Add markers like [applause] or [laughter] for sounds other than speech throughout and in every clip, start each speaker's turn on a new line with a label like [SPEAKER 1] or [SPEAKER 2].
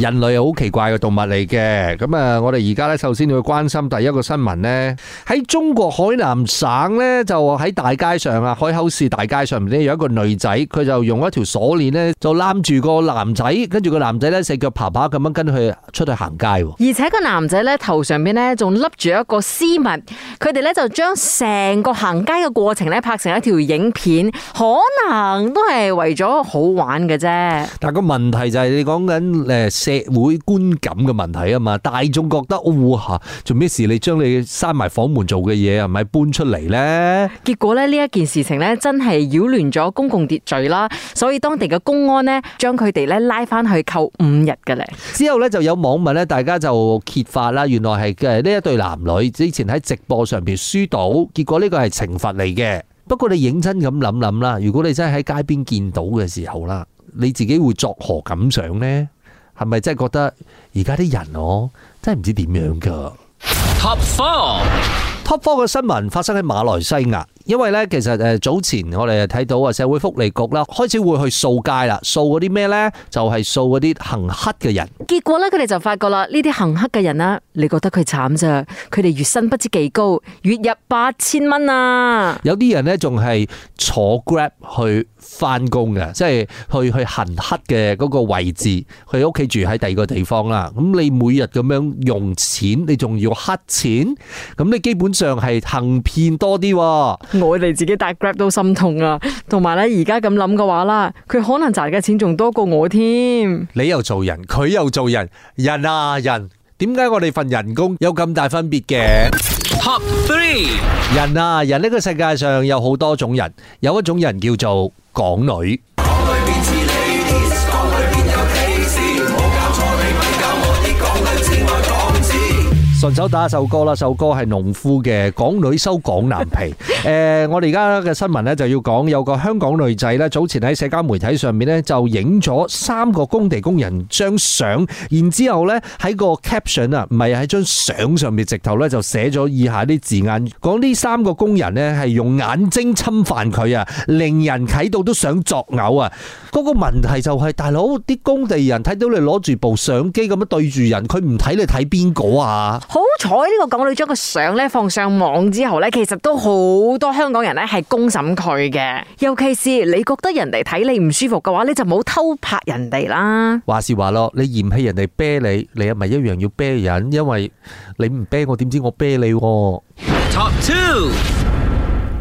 [SPEAKER 1] 人類又好奇怪嘅動物嚟嘅，咁啊，我哋而家咧首先要去關心第一個新聞咧，喺中國海南省咧就喺大街上啊海口市大街上面咧有一個女仔，佢就用一條鎖鏈咧就攬住個男仔，跟住個男仔咧四腳爬爬咁樣跟佢出去行街，
[SPEAKER 2] 而且個男仔咧頭上面咧仲笠住一個絲襪，佢哋咧就將成個行街嘅過程咧拍成一條影片，可能都係為咗好玩嘅啫。但係個問題就係你講緊誒。社會觀感嘅問題
[SPEAKER 1] 啊嘛，大眾覺得哇，做咩事你將你閂埋房門做嘅嘢係咪搬出
[SPEAKER 2] 嚟呢？結果咧呢一件事情呢，真係擾亂咗公共秩序啦，所以當地嘅公安呢，將佢哋呢拉翻去扣五日嘅咧。之後呢就有網民呢，大
[SPEAKER 1] 家就揭發啦，原來係嘅呢一對男女之前喺直播上邊輸到，結果呢個係懲罰嚟嘅。不過你認真咁諗諗啦，如果你真係喺街邊見到嘅時候啦，你自己會作何感想呢？係咪真係覺得而家啲人哦、啊，真係唔知點樣㗎？Top Four，Top Four 嘅 four 新聞發生喺馬來西亞。因為咧，其實誒，早前我哋睇到啊，社會福利局啦，開始會去掃街啦，掃嗰啲咩呢？就係掃嗰啲行乞嘅人。
[SPEAKER 2] 結果咧，佢哋就發覺啦，呢啲行乞嘅人咧，你覺得佢慘啫？佢哋月薪不知幾高，月入八千
[SPEAKER 1] 蚊啊！有啲人呢，仲係坐 Grab 去翻工嘅，即係去去行乞嘅嗰個位置，去屋企住喺第二個地方啦。咁你每日咁樣用錢，你仲要乞錢，咁你基本上係行騙
[SPEAKER 2] 多啲。我哋自己搭 Grab 都心痛啊，同埋咧而家咁諗嘅話啦，佢可能賺嘅錢仲多過我添。
[SPEAKER 1] 你又做人，佢又做人，人啊人，點解我哋份人工有咁大分別嘅？Top three，人啊人，呢個世界上有好多種人，有一種人叫做港女。順手打首歌啦，首歌係農夫嘅《港女收港男皮》。誒，我哋而家嘅新聞呢就要講，有個香港女仔呢，早前喺社交媒體上面呢就影咗三個工地工人張相，然之後呢喺個 caption 啊，唔係喺張相上面直頭呢就寫咗以下啲字眼，講呢三個工人呢係用眼睛侵犯佢啊，令人睇到都想作嘔啊！嗰個問題就係，大佬啲工地人睇到你攞住部相機咁樣對住人，佢唔睇你睇邊個啊？
[SPEAKER 2] 好彩呢個港女將個相咧放上網之後咧，其實都好多香港人咧係公審佢嘅。尤其是你覺得人哋睇你唔舒服嘅話，你就唔好偷拍人哋啦。
[SPEAKER 1] 話是話咯，你嫌棄人哋啤你，你係咪一樣要啤人？因為你唔啤我，點知我啤你？Top Two。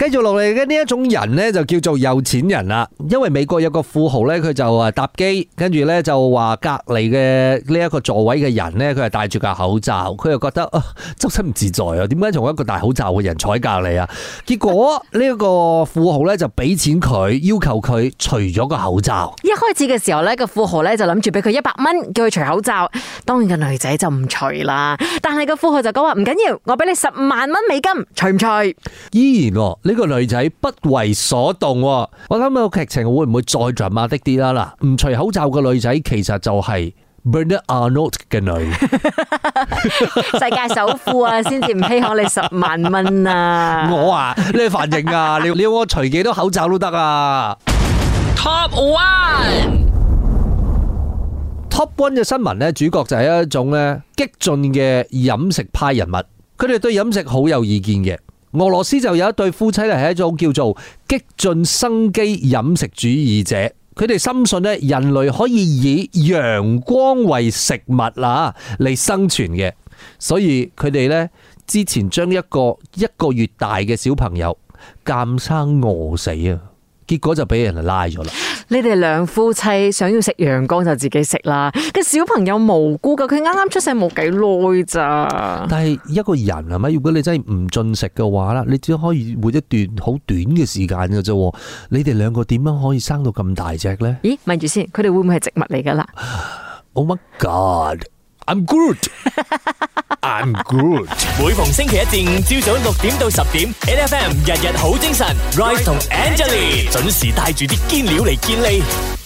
[SPEAKER 1] 繼續落嚟嘅呢一種人呢，就叫做有錢人啦。因為美國有個富豪呢，佢就啊搭機，跟住呢，就話隔籬嘅呢一個座位嘅人呢，佢係戴住個口罩，佢又覺得啊、呃、周身唔自在啊，點解仲有一個戴口罩嘅人坐喺隔籬啊？結果呢一個富豪呢，就俾錢佢，要求佢除咗個口罩。
[SPEAKER 2] 一開始嘅時候呢，那個富豪呢，就諗住俾佢一百蚊叫佢除口罩，當然個女仔就唔除啦。但係個富豪就講話唔緊要，我俾你十萬蚊美金，除唔除？
[SPEAKER 1] 依然落、哦。呢個女仔不為所動，我諗個劇情會唔會再着馬的啲啦？嗱，唔除口罩嘅女仔其實就係 Bernard Arnault 嘅女，
[SPEAKER 2] [laughs] 世界首富啊，先至唔稀罕你十萬蚊啊！我
[SPEAKER 1] 啊，你反應啊，你你要我除幾多口罩都得啊
[SPEAKER 2] ！Top one，Top
[SPEAKER 1] one 嘅新聞咧，主角就係一種咧激進嘅飲食派人物，佢哋對飲食好有意見嘅。俄羅斯就有一對夫妻咧，係一種叫做激進生機飲食主義者，佢哋深信咧人類可以以陽光為食物啦，嚟生存嘅，所以佢哋咧之前將一個一個月大嘅小朋友監生餓死啊，結果就俾人拉咗啦。
[SPEAKER 2] 你哋兩夫妻想要食陽光就自己食啦，個小朋友無辜噶，佢啱啱出世冇幾耐咋。但係一個人係咪？如果你真係唔進食嘅話啦，你只可
[SPEAKER 1] 以活一段好短嘅時間嘅啫。你哋兩個點樣可以生到咁大隻咧？
[SPEAKER 2] 咦，問住先，佢哋會唔會係植物嚟噶啦
[SPEAKER 1] ？Oh my God, I'm Groot. [laughs] I'm good。 [laughs] 每逢星期一至五朝早六點到十點，NFM
[SPEAKER 2] 日日好精神。Rice 同 Angelie 準時帶住啲堅料嚟見你。